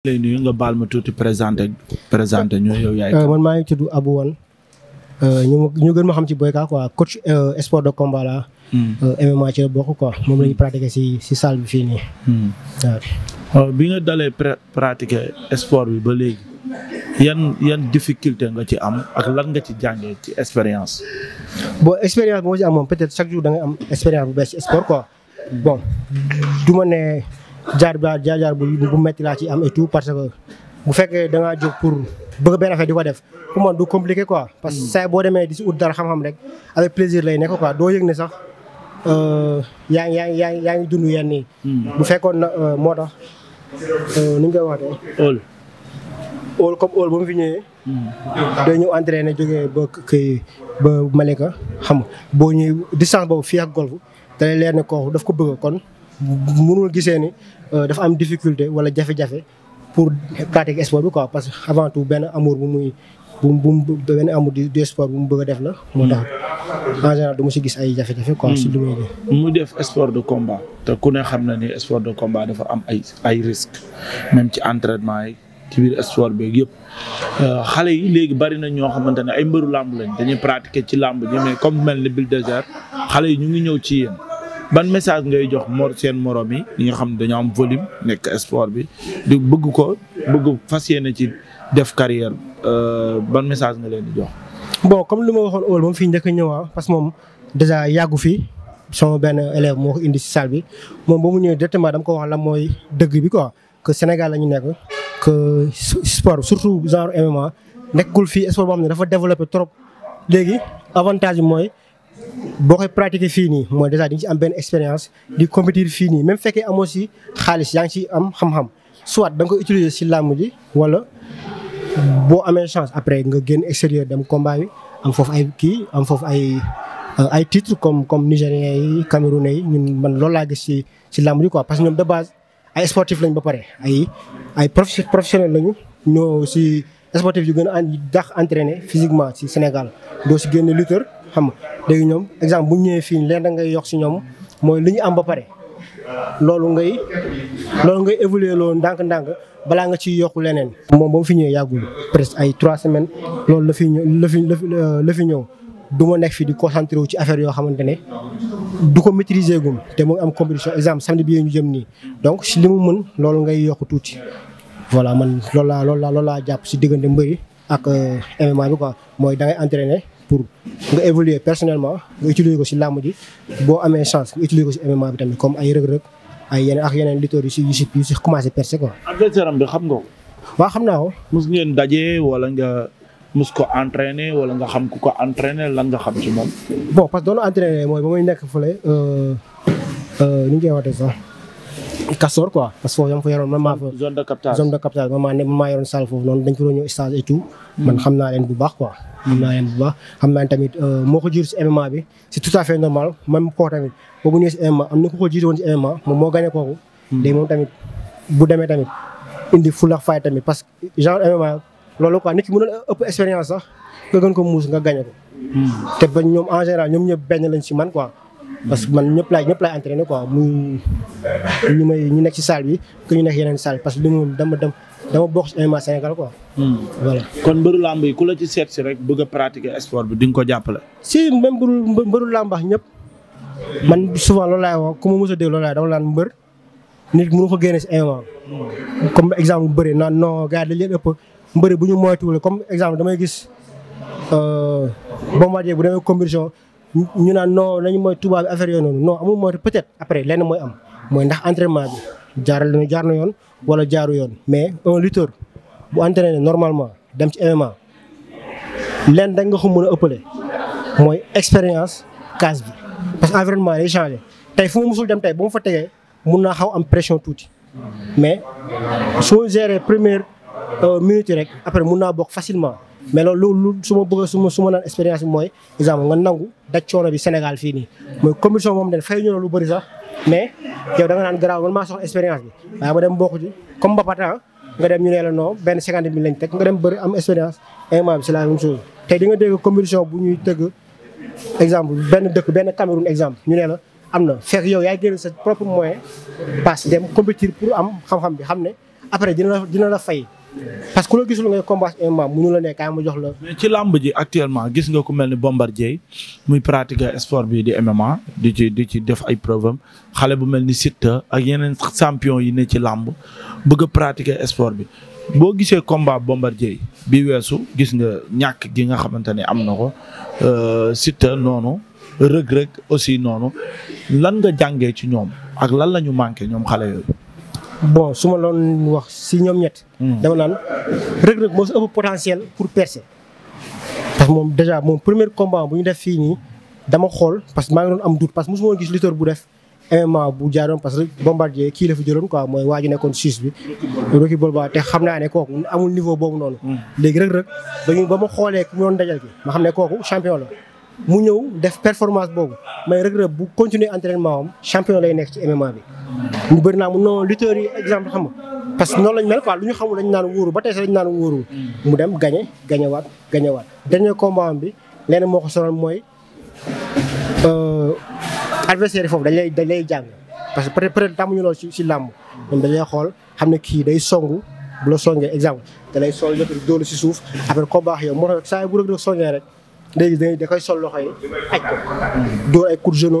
lay nuyu nga baal ma tuuti présenté présenté ñu yow yaay euh, man maa ngi tudd Abou Wan euh, ñu ñu gën ma xam ci boyka quoi coach euh, sport de combat la MMA ci la bokk quoi moom la ñu hmm. pratiqué si si salle bi fii nii hmm. waaw bi nga dalee pratiqué sport bi ba léegi yan yan difficulté nga ci am ak lan nga ci jàngee ci expérience boo expérience boo ci am moom peut-être chaque jour da ngay am expérience bu bees ci sport quoi hmm. bon du jaar jaar jaar bu bu métti laa ci am et tout parce que bu fekkee dangaa ngaa jóg pour bëgg benn affaire di ko def pour man du compliqué quoi. parce que saa boo demee di si ut dara xam-xam rek avec plaisir lay nekk quoi doo yëg ne sax euh, yaa ngi yaa yaa ngi yaa ngi dund hmm. bu fekkoon na euh, moo tax euh, ni koy waxatee. óol óol comme óol ba mu fi hmm. ba kii ba xam nga boo ñëwee distance boobu fii ak golf da lay leer daf ko bëgg kon. mënul gisee ni euh, dafa am difficulté wala jafe-jafe pour pratiquer sport bi quoi parce que avant tout benn amour bu muy bu bu benn amour du sport bu mu bëgg a def la. moo tax en général du ma si gis ay jafe-jafe quoi. si hmm. li muy mu def sport de combat. te ku ne xam na ni sport de combat dafa am ay ay risques même ci entraitement yi. ci biir sport beeg yëpp euh, xale yi léegi bari na ñoo xamante ne ay mbëru làmb lañ dañuy pratiquer ci làmb ñi mais comme mel ni Bulldozer xale yi ñu ngi ñëw ci yéen ban message ngay jox mor seen morom yi ñi xam ne dañoo am volume nekk sport bi di bëgg ko bëgg fas yéene ci def carrière euh, ban message nga leen jox. bon comme li ma waxoon óol moom fii njëkk ñëwaa ah, parce que moom déjà yàggu fii sama benn élève moo indi si salle bi moom ba mu ñëwee directement dam ko wax la mooy dëgg bi quoi que Sénégal la ñu nekk que sport surtout genre MMA nekkul fii sport boo xam ne dafa développé trop léegi avantage bi mooy. boo koy pratiquer fii nii mooy déjà di nga ci am benn expérience di compétir fii nii même fekkee amoo si xaalis yaa ngi ci am xam-xam soit da nga koy utiliser si làmb ji wala boo amee chance après nga génn extérieur dem combat bi am foofu ay kii am foofu ay euh, ay titres comme comme nigériens yi camerounais yi ñun man loolu laa gis si si làmb ji quoi parce que ñoom de base ay sportif lañ ba pare ay ay professionnel lañu ñoo si sportif yu gën a dàq entraîner physiquement si Sénégal doo si génn lutteur xam nga léegi ñoom exemple bu ñëwee fii leen da ngay yokk si ñoom mooy li ñu am ba pare loolu ngay loolu ngay évoluer loolu ndànk-ndànk balaa nga ciy yokk leneen. moom ba mu fi ñëwee yàggul presque ay trois semaines loolu la fi ñëw la fi la fi ñëw du ma nekk fii di concentré wu ci affaire yoo xamante ne du ko maîtriser gum te mu am compétition exemple samedi bi ñu jëm nii donc si li mu mën loolu ngay yokk tuuti. voilà man loolu laa loolu laa loolu laa jàpp si diggante mbëri ak euh, MMA bi quoi mooy da ngay entraîner. pour nga évoluer personnellement nga utiliser ko si làmb ji boo amee chance nga utiliser ko si MMA bi tamit comme ay rëg-rëg ay yeneen ak yeneen lutteurs yu si yu si yu bi xam nga ko. waaw xam naa ko. mus ngeen daje wala nga mus ko entraîner wala nga xam ku ko entraîner lan nga xam ci moom. bon parce que doon entraîner mooy ba muy nekk fële euh, euh, nu ñu koy waxee sax. Castor quoi parce que foofu dama fa man maa fa. zone foofu noonu dañ fa doon ñëw hmm. man xam naa leen bu baax quoi. xam naa leen bu baax xam naa tamit euh, moo ko jiitu si MMA bi c'est tout à fait normal même kooku tamit boobu ñëwee si MMA am na ku ko jiitu moom moo gagné kooku. Hmm. léegi moom tamit bu demee tamit indi fulla fay tamit parce que genre MMA loolu quoi nit ki mënoon ëpp expérience sax nga gën ko muus nga gagné ko. Hmm. te ba ñoom en général ñoom ñëpp benn lañ si man quoi. parce que man ñëpp laay ñëpp laay entraîné quoi ñu may ñu nekk ci salle bi que ñu nekk yeneen salle parce que li mu dama dem dama bokk ci Sénégal hmm. kon mbëru ku la seet si rek bëgg a pratiquer sport bi ko mbëru mbëru làmbax ñëpp man souvent loolu laay wax ku ma mos a déglu loolu laay dama naan mbër nit mënu ko génne si MMA. comme exemple bu bëri non non gars dañ leen ëpp mbëri bu ñu moytuwul comme exemple damay gis euh, Bombardier bu demee compétition. ñu naan non lañu mooy tubaab bi affaire yooyu noonu non amul mooy peut-être après lenn mooy am mooy ndax entraînement bi jaaral na jaar na yoon wala jaaru yoon. mais un lutteur bu entraîné normalement dem ci MMA lenn da nga ko mën a ëppale mooy expérience case bi parce que environnement changer tey fu mu musul dem tey bu mu fa tegee mun naa xaw am pression tuuti mais soo géré première euh, minute rek après mun naa bokk facilement. mais loolu loolu su ma bëgg suma su ma naan expérience bi mooy exemple nga nangu daj coono bi Sénégal fii nii mooy commission moom lu bëri sax mais yow da nga naan garaaw maa soxla expérience bi waaye ma dem bokku ci nga dem ñu ne la non benn cinquante mille lañ teg nga dem bëri am expérience élément bi c'est la nga dégg commission bu ñuy tëgg exemple benn dëkk benn Cameroun exemple ñu ne la am na fekk yow yaay génn sa propre moyen passe dem compétir pour am xam-xam bi xam ne après dina dina la fay parce que ku la gisul ngay combat mu mënu la ne kaay ma jox la. mais ci làmb ji actuellement gis nga ku mel ni Bombardier muy pratiquer sport bi di MMA di ci di ci def ay preuve xale bu mel ni Siteu ak yeneen champion yi ne ci làmb bëgg a pratiquer sport bi. boo gisee combat Bombardier bi weesu gis nga ñàkk gi nga xamante ne am na ko euh, Siteu noonu Reug Reug aussi noonu lan nga jàngee ci ñoom ak lan la ñu manqué ñoom xale yooyu. bon su ma loon wax si ñoom ñett. Hmm. dama naan Reug Reug moo si ëpp potentiel pour percer. parce que moom déjà moom premier combat bu ñu def fii nii dama xool parce que maa ngi doon am doute parce que mosuma woon bu def MMA bu jaaroon parce que bombardier kii la fi jëloon quoi mooy waa ju nekkoon Suisse bi. Rocky Balboa te xam naa ne kooku amul niveau boobu noonu. Hmm. léegi Reug Reug dañu ba ma xoolee ku mu doon dajal ki ma xam ne kooku champion la. mu ñëw def performance boobu mais Reug Reug bu continuer entraînement am champion lay nekk ci MMA bi. ñu bëri naa mu non lutteurs yi exemple xam nga parce que noonu lañ mel quoi lu ñu xamul dañ naan wóoru ba tey sax dañ naan wóoru mu dem gañe gañewaat gañewaat dernier combat bi leneen moo ko sonal mooy euh, adversaire yi foofu dañ lay jàng parce que peut peut être tàmmuñu loolu ci ci làmb ñoom dañ lay xam ne kii day songu bu la songee exemple sol yëpp si suuf après combat yow moo tax saa bu rek rek songee rek léegi da koy sol loxo yi aj ko dóor ay coup de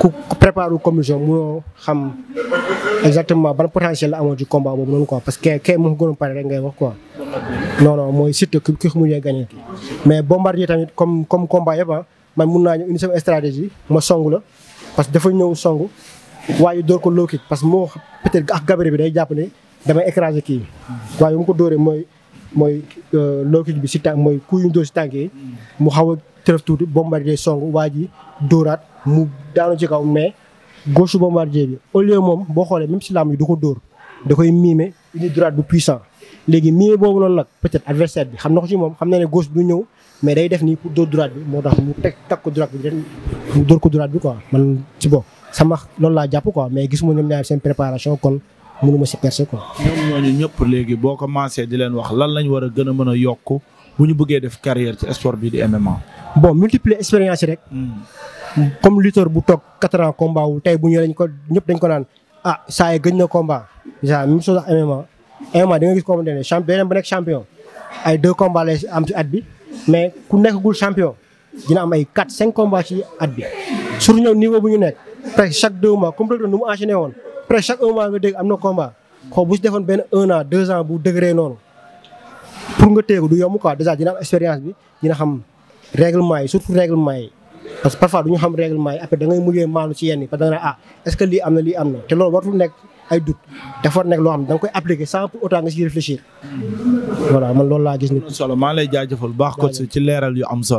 ku préparé commission munoo xam exactement ban potentiel la amoon ci combat boobu noonu quoi parce que kay mu gënoon pare rek ngay wax quoi. ki mais bombardier tamit comme comme combat yëpp ah, man mun naa ñëw une seule stratégie ma song la parce que dafa ñëw song waaye door ko low parce que moo peut-être ak gabarit bi day jàpp ne damay écraser kii waaye bu mooy mooy euh, low kick bi si tànk mooy ku ñu dóor si tànk xaw a tërëf tuuti mu daanu ci kaw mais gauche bombardier bi au moom boo xoolee même si laam yi du ko dóor da koy miime indi droite bu puissant léegi miime boobu noonu nag peut-être adversaire bi xam na ko ci moom xam na ne gauche bi du ñëw mais day def nii pour dóor droite bi moo tax mu teg tag ko droite bi ren mu dóor ko droite bi quoi man ci bopp sama lool laa jàpp ko mais gis gisuma ñoom ñaar seen préparation kon mënuma si percer quoi. ñoom ñooñu ñëpp léegi boo ko commencé di leen wax lan lañ war a gën a mën a yokk bu ñu bëggee def carrière ci sport bi di MMA. bon comme lutteur bu toog quatre ans combat wu tey bu ñëw dañ ko ñëpp dañ ko naan ah saa yi gëj na combat déjà même chose ak da nga gis ko ne champ beneen ba nekk champion ay deux am ci at bi mais ku nekkagul champion dina am ay quatre cinq combats at bi surtout ñoom niveau bu ñu nekk presque chaque deux mois complètement nu mu enchaîné woon presque chaque un mois nga dégg am na combat xaw bu si an deux ans bu degré noonu pour nga téegu du yomb quoi déjà dina am expérience bi dina xam règlement yi surtout règlement yi parce que parfois du ñu xam règlement yi après da ngay mujjee maanu ci yenn yi parce que da ah, lii am na lii am na te loolu wartul nekk ay doute dafa nekk loo xam ne da koy appliquer sans pour autant nga siy réfléchir voilà man loolu laa gis. ni maa lay jaajëfal baax ko ci leeral yu am solo.